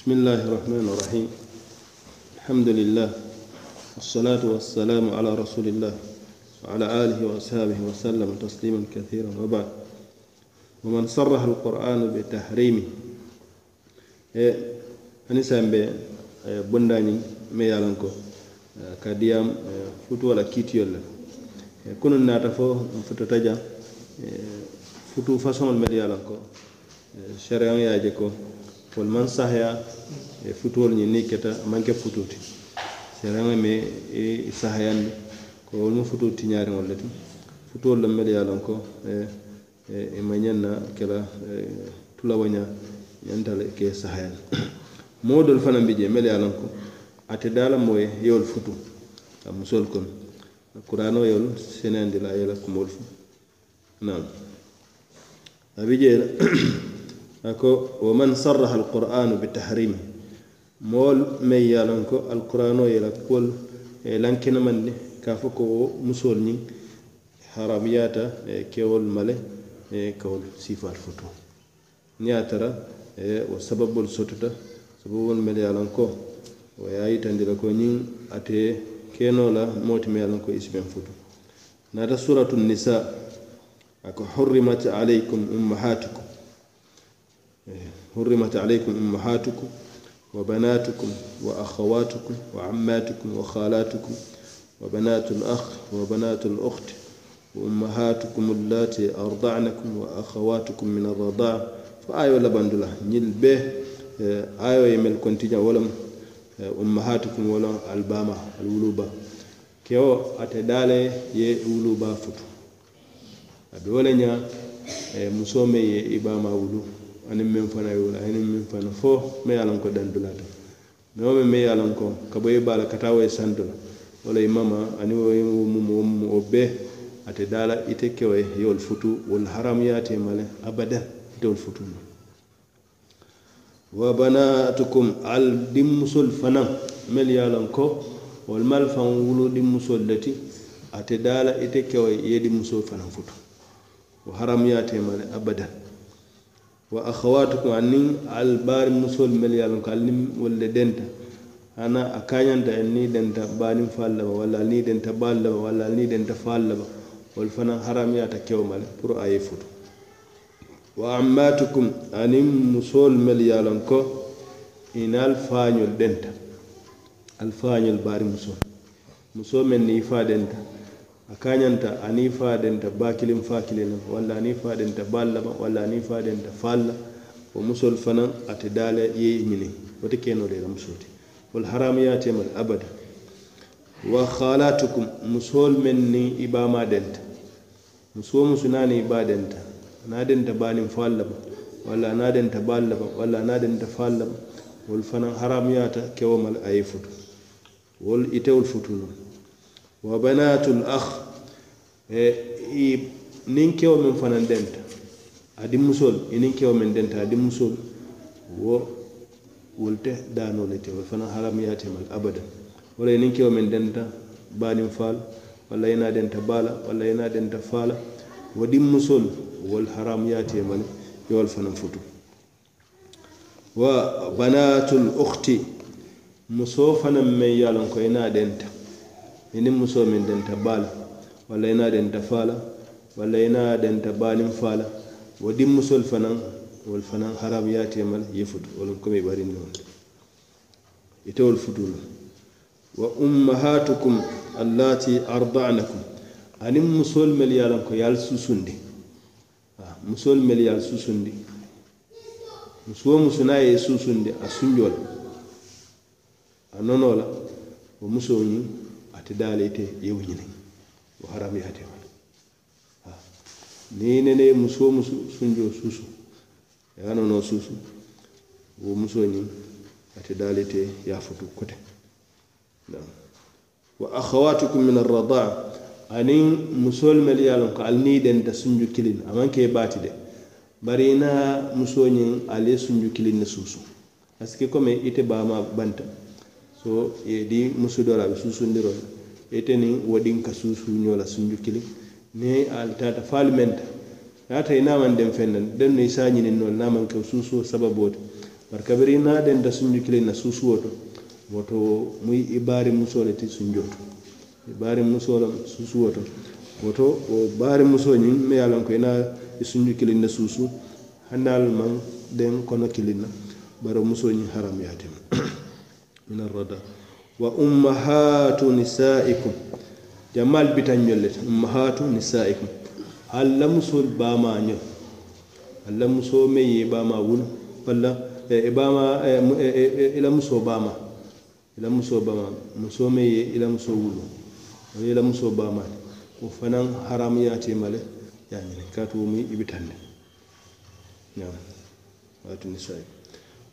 بسم الله الرحمن الرحيم الحمد لله والصلاة والسلام على رسول الله وعلى آله وأصحابه وسلم تسليما كثيرا وبعد ومن صرح القرآن بتحريمه إيه أنسان إيه، بنداني ميالنكو إيه، كديام إيه، فتو ولا كيتيول كن ناتفو فتو تجا فتو فاسون ميالنكو شرعان ياجي fol man sahaya e futuwol ñin ni keta manke fututi seranga me e sahayanni ko wol mo futu tiñaariŋol le ti futuwol lo mele ye lon ko e ma ñaŋ na kela e, tulawaña ñanta le ke sahayan moo dolu fanaŋ bi je mele ye lon ko ate daala moo ye yewol futu a musol kono kurano yol senandi la yela kumol fu naam abi jeela ko wa man sarraha alqur'anu bitahrimi mool may ye lon ko alqur'ano ye la kuwol e lankinaman ni ka fo ko musol ñing haramiyata e kewol male e kawol sifal foto ni a tara e wo sababol sotuta sababol mele ye lon ko wo yayitandira ko ñing ate keno la mootima ye lon ko isimen foto nata suratu nisa ako hurrimat alaykum ummahatukum إيه. حرمت عليكم أمهاتكم وبناتكم وأخواتكم وعماتكم وخالاتكم وبنات الأخ وبنات الأخت وأمهاتكم اللاتي أرضعنكم وأخواتكم من الرضاع فآيو لبندلا نيل به آيو آية يمل كنتيجا ولم إيه، أمهاتكم ولم الباما الولوبا كيو أتدالي يولوبا فتو أبي ولنيا مسومي يه إباما ولوبا aniŋ meŋ fanaŋ yola aniŋ meŋ fanaŋ fo me ye a loŋ ko dantula to mais wo meŋ me ye a loŋ ko ka bo e e i be a la ka taa wo ye santo la wo la i mama aniŋ wo ye wo mumu wo mumu wo bee ate daala ite kewo ye yewolu futu wolu haramuyaate ma le abadan ite wolu futu ma wa banatukum al dimmusol fanaŋ meli e ye a loŋ ko wolu mal faŋ wulu dimmusolu le ti ate daala ite kewo ye i ye dimmusoo fanaŋ futu wo haramuyaate ma le abadan wa akhawatu ko anni al bari musul mel yalla ko alni wolde denta ana a kañanta en ni denta bani falla ba wala ni denta balla ba wala ni denta falla ba wol fana haram yata kewmal pour ayi futu wa ammatukum ani musul mel yalla ko inal fañol denta al fañol bari musul musul men ni fa denta a a kañanta ani fadenta ba kilin fa kilin walla ani fadenta bal lama walla ani fadenta fal la wo musol fanaŋ ate daala ye ñini wote keno de wal haram ya ce haramiyatemal abada wa khalatukum musul min ni i ma denta muso musu na ni ba denta na denta banin fal lama walla ana denta bal lama walla ana denta fal lama wol fanaŋ haramiyata a yi futu wol itewol futu num wa banatul akh E, nin kewo min fanan denta adi musol inin kewo min denta adi musol wo wolte danole te wol fana haram yate mal abadan wala inin kewo min denta banin fal wala ina denta bala wala ina denta fala wadi musol wol haram yate mal yol fana futu wa banatul ukhti muso fana men yalon ko ina denta inin muso min denta bala walla ina denta fala walla ina denta balin fala wa din musol fanan wal fanan haram ya temal ya futu wal kuma bari ne wanda ita wal futu ne wa ummahatukum allati arda'nakum anin musol mel yalan ko yal susunde ah, musol mel yal susunde muso musuna ye susunde a sunjol a nonola wa muso ni ate dalete yewu ñinen o haramiyate wala ni nene muso muso sunjo susu ya nono susu wo muso ni ate dalite ya futu kote nam wa akhawatukum min arradaa anin musol mel yalon ko alni den ta sunju kilin ke bati de bari na muso ñin ale sunju kilin ne susu parce que comme ite bama banta so ye di musu dora be susundiro la ite niŋ wo diŋ ka suusuuñoo la sunju kiliŋ niŋ ali taata faalu menta naata i naamaŋ deŋ feŋ na deŋ no i se a ñiniŋ noo le naamaŋ ke suusuo sababoo ti bari kabiri i naa denta sunju kiliŋ na suusuo to woto mu i baari musoo le ti sunjoo to i baari musoo la suusuo to woto wo baari musoo ñiŋ me ye a loŋ ko i naa i sunju kiliŋ na suusu hannaalu maŋ deŋ kono kiliŋ na bari musoo ñiŋ haramuyaatimu min arrada wa ummahatu nisaikum jamma albitan ñollete ummahatu nisaikum alla musol bama ñol alla muso meyi bama wuno walla ibama e, e e, ila muso bama ila muso bama muso meyi ila muso wuno ila muso bama ko fanan haram yati male yani katu mi ibitande ñam watu nisaikum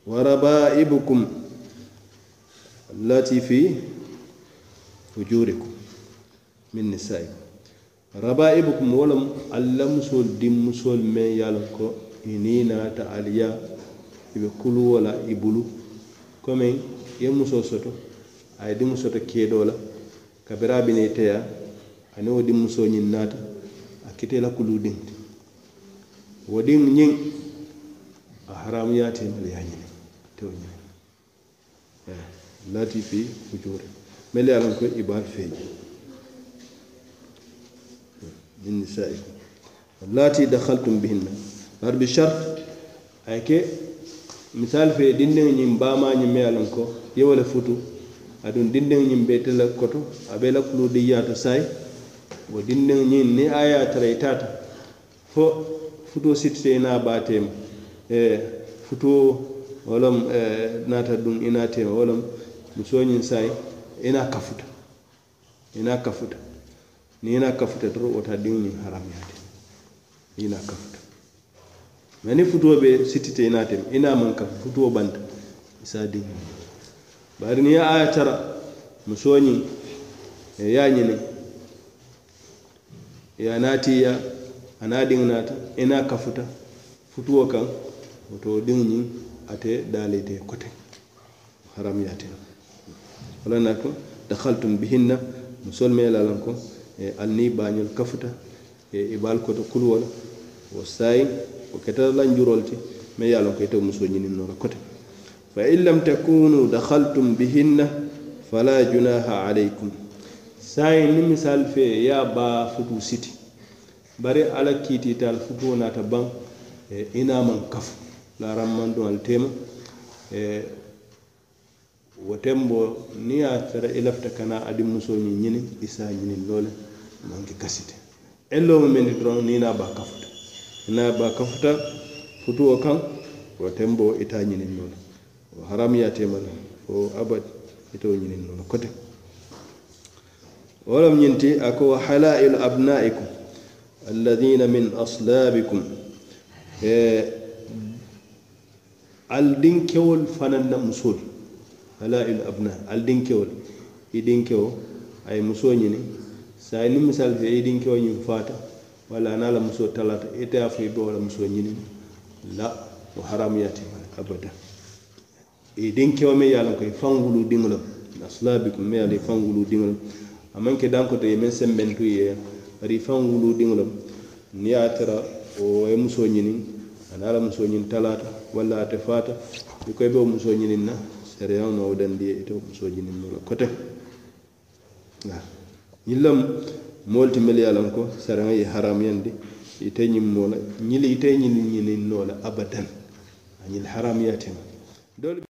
wa rabaibukum allati fi fujurikum min nisaikum rabaibukum wala allah musol dimmusol men yala ko ini nata aliya ibe kulu wala ibulu komin ye muso soto aye dimu soto kedola kabirabine teya ani wo dimmuso ñin nata a kitela kulu dinti wo din ñin a haramu yatimalayañini tewo ñin yeah. naati fi hujuure mele alam ko ibar feeji min nisaiku allati dakhaltum bihinna bar bi shart ay ke misal fe dinde ñim bama ñim me alam ko yewale futu adun dinde ñim be tela koto abe la kulu di yaata say wo dinde ñin ni aya tare tata fo futu sitte na batem e eh, futu wolom eh, nata duŋ ina naa teema wolom musoo ñiŋ saayiŋ ina kafuta ina naa kafuta niŋ ina kafuta toro wota diŋo ñiŋ ya i ina kafuta me niŋ futuo be sitite ina naa teema i naa maŋ kafu futuo banta isa diŋo bari niŋ ye aya tara musoo ñiŋ ye a ñiniŋ ye a naatiya a naa diŋo naata i kan kafuta futuo kaŋ woto diŋo ñiŋ ate dalete kote haram haramiyate wala na ko dakhaltum bihinna musul me la lan ko e alni bañol kafuta e ibal ko to kul wala wa sai o keta lan jurolti me ye lon ko ite muso no kote fa illam takunu dakhaltum bihinna fala junaha alaykum sai ni misal fe ya ba futu siti bare ala kiitital futuo naata baŋ e ina man kafu la rammando al tema e wo tembo ni ya tara i e lafta kana adi muso ñi ñini i sa ñini loole manke kasite ello mo mendi doron ni na ba kafuta ina ba kafuta futuwo kan wo tembo ita ñini loole o haram ya tema la o abad ito ñini loole kote ولم ينتي أكو حلائل أبنائكم الذين من أصلابكم إيه aldin kewol fananna musol ala il abna aldin kewol idin kewo ay muso ñini say ni misal fe idin kewo ñin fata wala ana la muso talata ita ya fo be wala muso ñini la o haram yati abada idin kewo me yalan koy fangulu dingolo aslabikum me yali fangulu dingolo amanke danko to yemen sembentu ye bari fangulu dingolo ni a tara o ye muso ñini ana la muso ñin talata walla ate fata i koy ɓe o muso ñinin na sereyan no wodandiye ite o muso ñinin nola cote ñillam mool ti mel yalan ko sereŋa ye haram yandi ite ñimmola ñili ite ñinin ñinin nola abadan añil haram yateŋa